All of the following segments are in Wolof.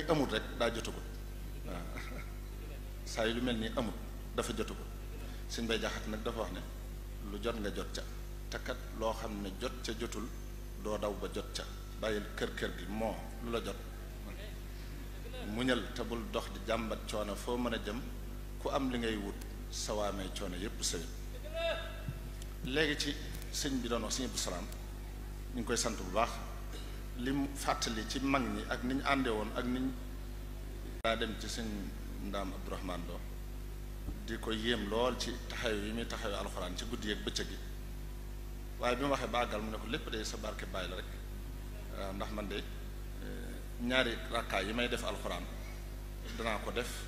nii amul rek daa jotu ko saa yu lu mel nii amul dafa jotu ko suñ bay jaxat nag dafa wax ne lu jot nga jot ca takkat loo xam ne jot ca jotul doo daw ba jot ca bàyyil kër-kër gi moo lu la jot muñal te bul dox di jàmbat coono foo mën a jëm ku am li ngay wut sawaamee coono yépp sawit léegi ci sëñ bi doon wax sëñ ñu ngi koy sant bu baax li mu fàttali ci mag ñi ak ni ñu àndee woon ak ni ñu dem ci seen ndaam Abdourahmane Lo di ko yéem lool ci taxaw yi muy taxew alxuraan ci guddi ak bëccëg yi waaye bi mu waxee bàggal mu ne ko lépp day sa barke bàyyi la rek waaw ndax man de eh, ñaari rakkaay yi may def alxuraan danaa ko def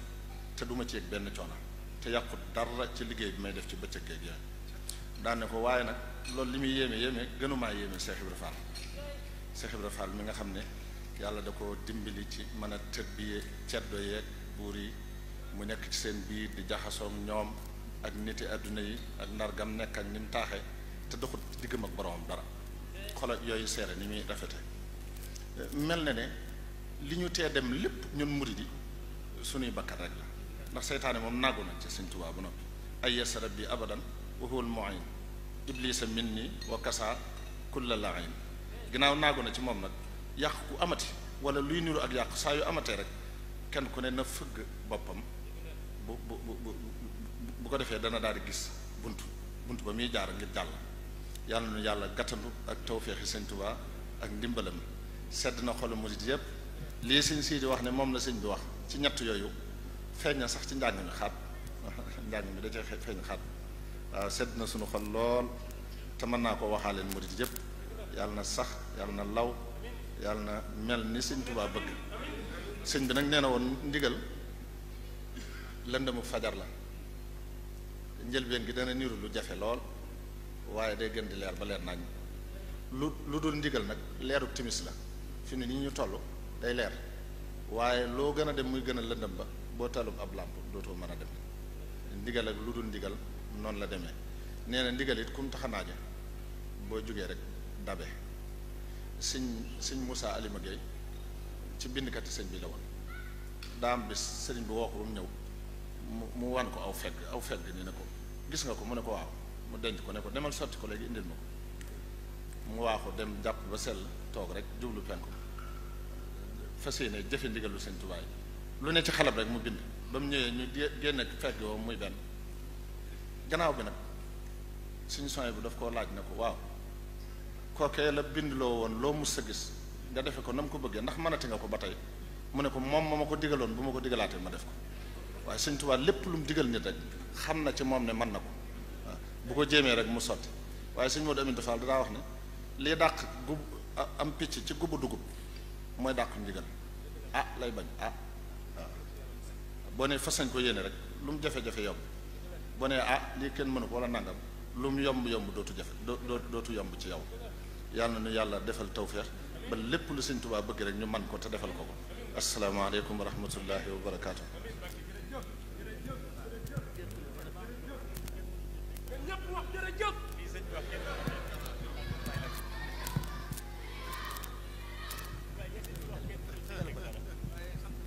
te duma ci yëg benn coono te yàqu dara ci liggéey bi may def ci bëccëg geeg yooyu daan ne ko waaye nag loolu li muy yéeme yéeme gënumaa yéeme Cheikh Ibrahima Fall Cheikh Ibra Fall mi nga xam ne yàlla da ko dimbali ci mën a tërbiyee ceddo yeeg buur yi mu nekk ci seen biir di jaxasoog ñoom ak niti àdduna yi ak ndargam nekk ak taaxe te doxut diggam ak boromam dara xolo yooyu seere ni muy rafete mel na ne li ñu tee dem lépp ñun murid yi suñuy bakkat rek la ndax seytaane moom naagu na ci Sëñ Tuubaa bu noppi ay yes rabbi abadan wa huwal mu'in iblisa minni wa kasa kulla la'in ginnaaw naagu na ci moom nag yàq ku amati wala luy niru ak yàq saa yu amatee rek kenn ku ne na fëgg boppam bu bu bu bu ko defee dana daal di gis bunt bunt ba muy jaar ngir jàll yàlla nu yàlla gàttandu ak tawféexi sëñ Tuubaa ak ndimbalam sedd na xolu murid yëpp lii sëñ sii di wax ne moom la sëñ bi wax ci ñett yooyu feeñ na sax ci njàng mi xaat njàng mi da cee feeñ xaat waaw sedd na sunu xol lool te mën naa ko waxaaleen murid yëpp yàlla na sax yàlla na law yàlla na mel ni sëñ Tuubaa bëgg sëñ bi nag nee na woon ndigal lëndëmu fajar la njëlbeen gi dana niru lu jafe lool waaye day gën di leer ba leer nañ lu lu dul ndigal nag leeru timis la fi ni nii ñu toll day leer waaye loo gën a dem muy gën a lëndëm ba boo talub ab làmp dootoo mën a dem ndigal ak lu dul ndigal noonu la demee nee na ndigal it kum taxanaaja boo jógee rek dabe sëñ sëñ Moussa Alima Gueye ci bindkati sëñ bi la woon daam bi sëriñ bi woo ko ba mu ñëw mu mu wan ko aw fekk aw fegg ni ne ko gis nga ko mu ne ko waaw mu denc ko ne ko demal sotti ko léegi indil ma ko mu waaxu dem jàpp ba sell toog rek jublu penku fas yéene jëfe ndigalu sëñ tubaay lu ne ci xalab rek mu bind ba mu ñëwee ñu génn fegg woo muy benn gannaaw bi nag suñu soñ bu daf koo laaj ne ko waaw kookee la binduloo woon loo mu a nga defe ko na mu ko bëggee ndax mënati nga ko ba tey mu ne ko moom ma ma ko digaloon bu ma ko digalaatee ma def ko waaye Sëñ Tuubaa lépp lu mu digal nit rek xam na ci moom ne mën na ko bu ko jéemee rek mu sotti waaye suñ Moodu Aminta Fall daa wax ne lii dàq gub am picc ci gubu dugub mooy dàq ndigal ah lay bañ ah boo nee fas nañ ko yéene rek lu mu jafe-jafe yomb boo nee ah lii kenn mënu ko wala nangam lu mu yomb yomb dootu jafe dootu yomb ci yow yàlla na yàlla defal tawféex ba lépp lu sëñ Tuubaa bëgg rek ñu man ko te defal ko ko asalaamaaleykum wa rahmatullahi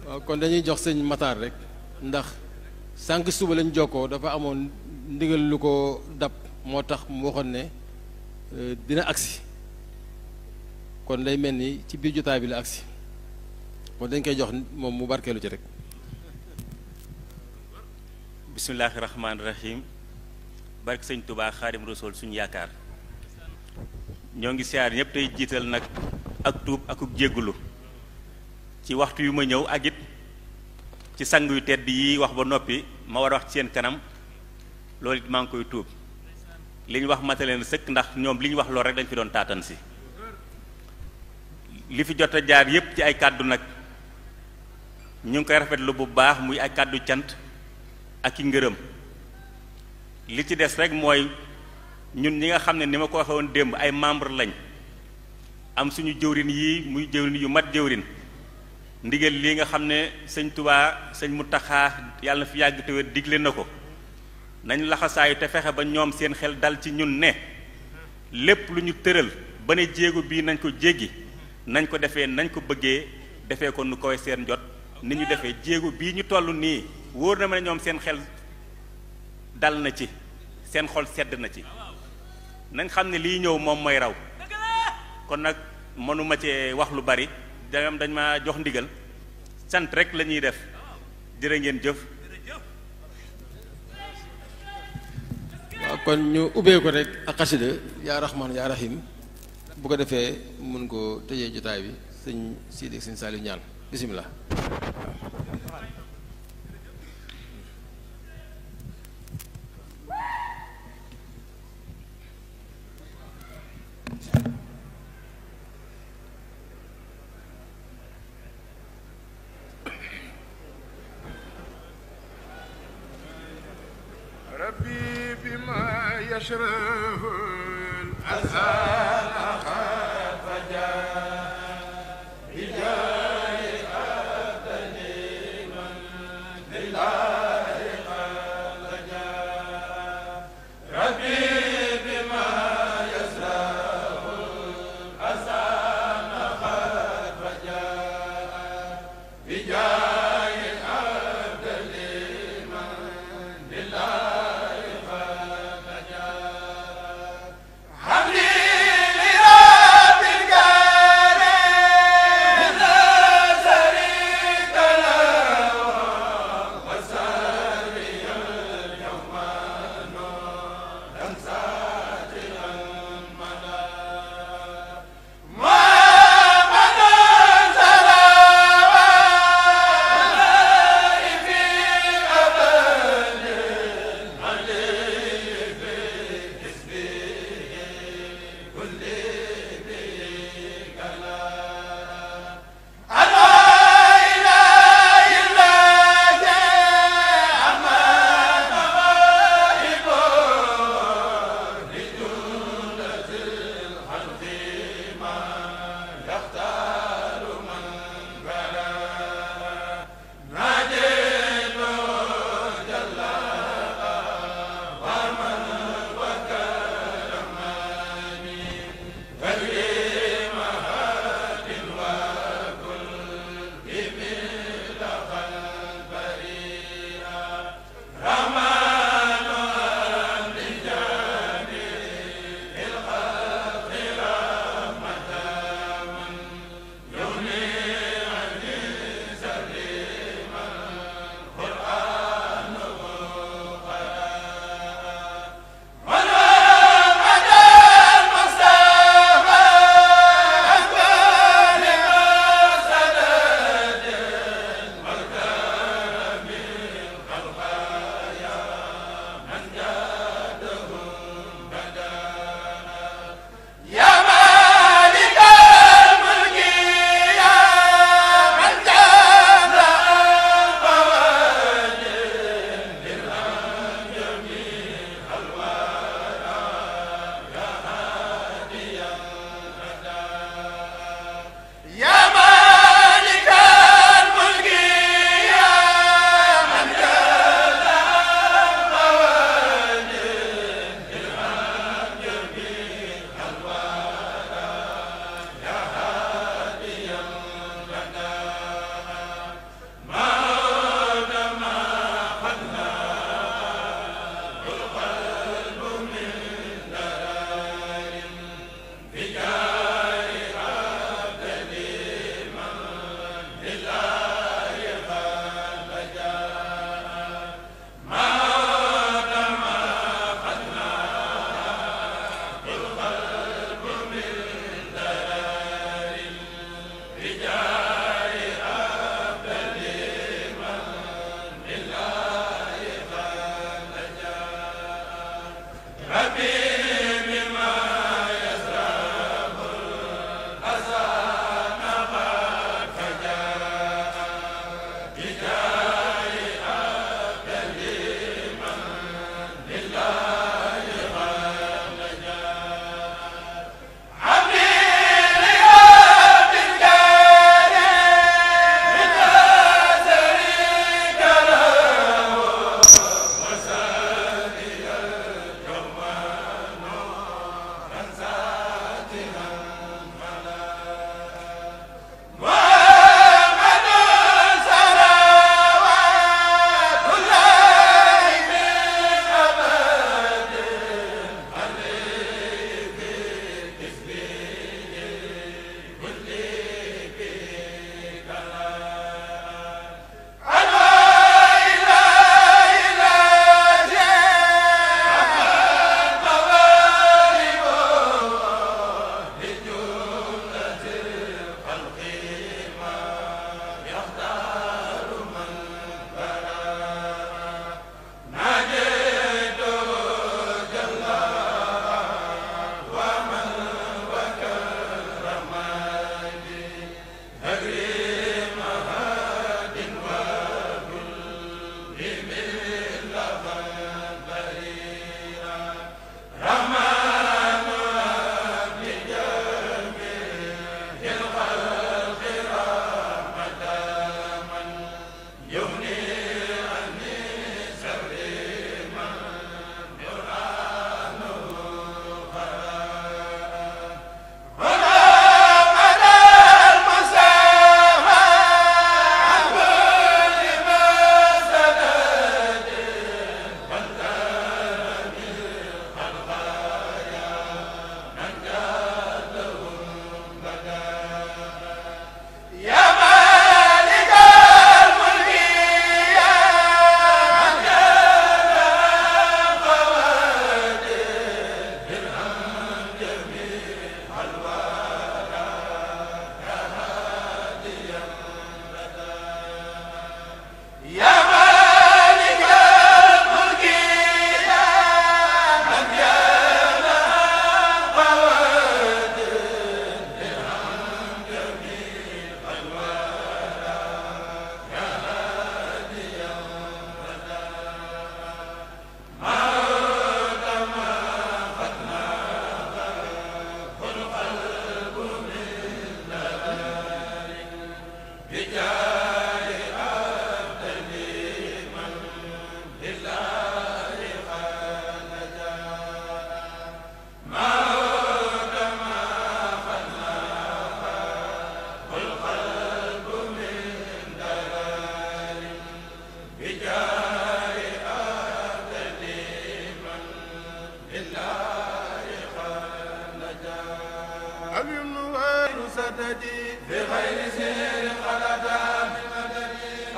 wa kon dañuy jox sëñ Matar rek ndax sànq suba lañ jokkoo dafa amoon ndigal lu ko dab moo tax mu waxoon ne euh, dina agsi kon lay mel ni ci biir jotaay bi la agsi kon dañ koy jox moom mu barkeelu ci rek bismillaahi rahmaani rahim barke sëñ Touba xaadim rasool suñu yaakaar ñoo ngi siyaar ñëpp tey jiital nag ak tuub akuk jéggulu ci waxtu yu ma ñëw agit ci sang yu tedd yi wax ba noppi ma war a wax ci seen kanam loolu it maa ngi koy tuub li wax mataleen sëkk ndax ñoom li ñu wax lool rek dañ fi doon taatan si li fi jot a jaar yépp ci ay kàddu nag ñu ngi koy rafetlu bu baax muy ay kàddu cant ak i ngërëm li ci des rek mooy ñun ñi nga xam ne ni ma ko waxee woon démb ay membre lañ am suñu jëwrin yii muy jëwrin yu mat jëwrin ndigal lii nga xam ne sëñ Tubaa sëñ Muntaxaa yàlla fi yàgg te wér digle na ko nañ laxasaayu te fexe ba ñoom seen xel dal ci ñun ne lépp lu ñu tëral ba ne jéego bii nañ ko jéggi nañ ko defee nañ ko bëggee defee ko nu koy seen jot ni ñu defee jéego bii ñu toll nii wóor na ma ñoom seen xel dal na ci seen xol sedd na ci nañ xam ne lii ñëw moom mooy raw kon nag mënuma cee wax lu bari dagam dañ ma jox ndigal sant rek lañuy def jërë ngeen jëf waaw kon ñu ubbee ko rek ak xasida yaa rahmaan yaa rahim bu ko defee mun ko tëjee jotaay bi sëñ Sidi sëñ Saliou ñaan bisimilah. ربي بما يشرف Villa Hare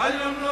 علمنا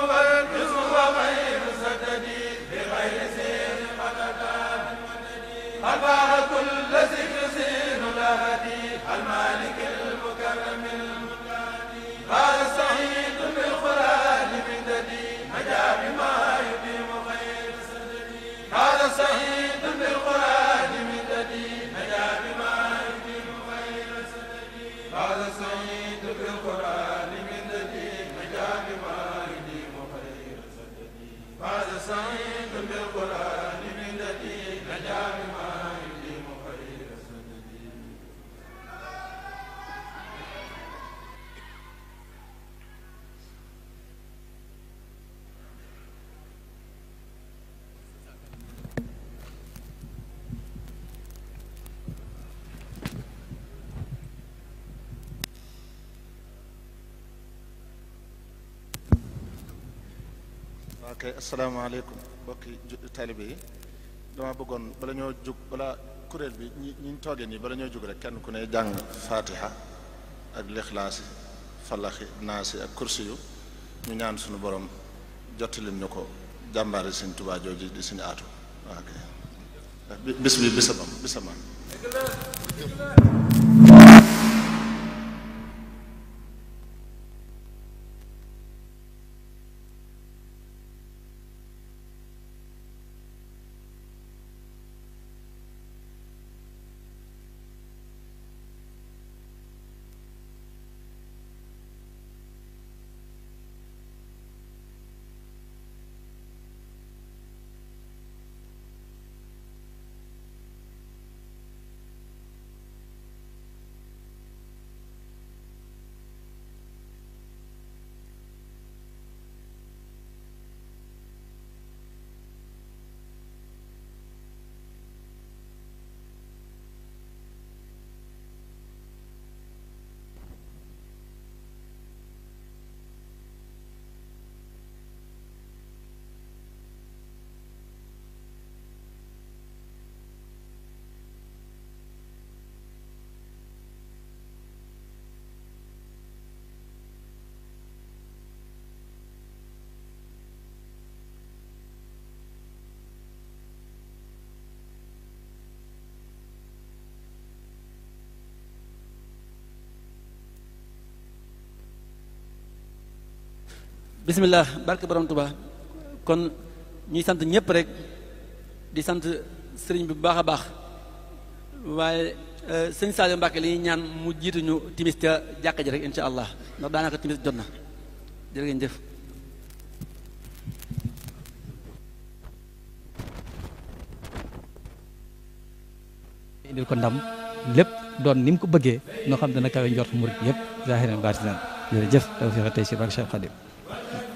ok asalaamaaleykum mbokki taalibe yi dama bëggoon bala ñoo jug bala kuréel bi ñu ñu toogee nii bala ñoo jug rek kenn ku ne jàng fatiha ak lixlaasi falaxi naasi ak kursi yu ñu ñaan suñu borom jottalin ñu ko jàmbaari suñ tubaa jooju di suñu aatu ok bis bi bisamam bisamam bismillah barke borom tuba kon ñuy sant ñep rek di sant serigne bi bu baax a baax waaye euh, sëñ Mbacke li ñaan mu jiituñu timis ca jàkka ji rek insha allah ndax daanaka timis jot na jërë ngeen jëf indil ko ndam lépp doon ni ko bëggee noo xam dana kawe njort murit yépp zahiran baatinan jërëjëf tawfiqa tey si barke Cheikh Khadim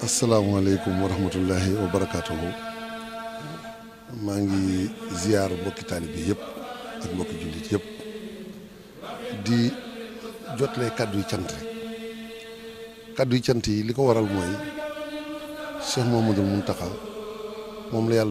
asalaamaaleykum wa rahmatullahi wa barakaatuhu maa ngi ziyaar mbokki taalibe bi yëpp ak mbokki jullit yëpp di jotlee kàddu yi cant kaddu kàddu yi cant yi li ko waral mooy Cheikh Mouhamadoul Mountakha moom la yàlla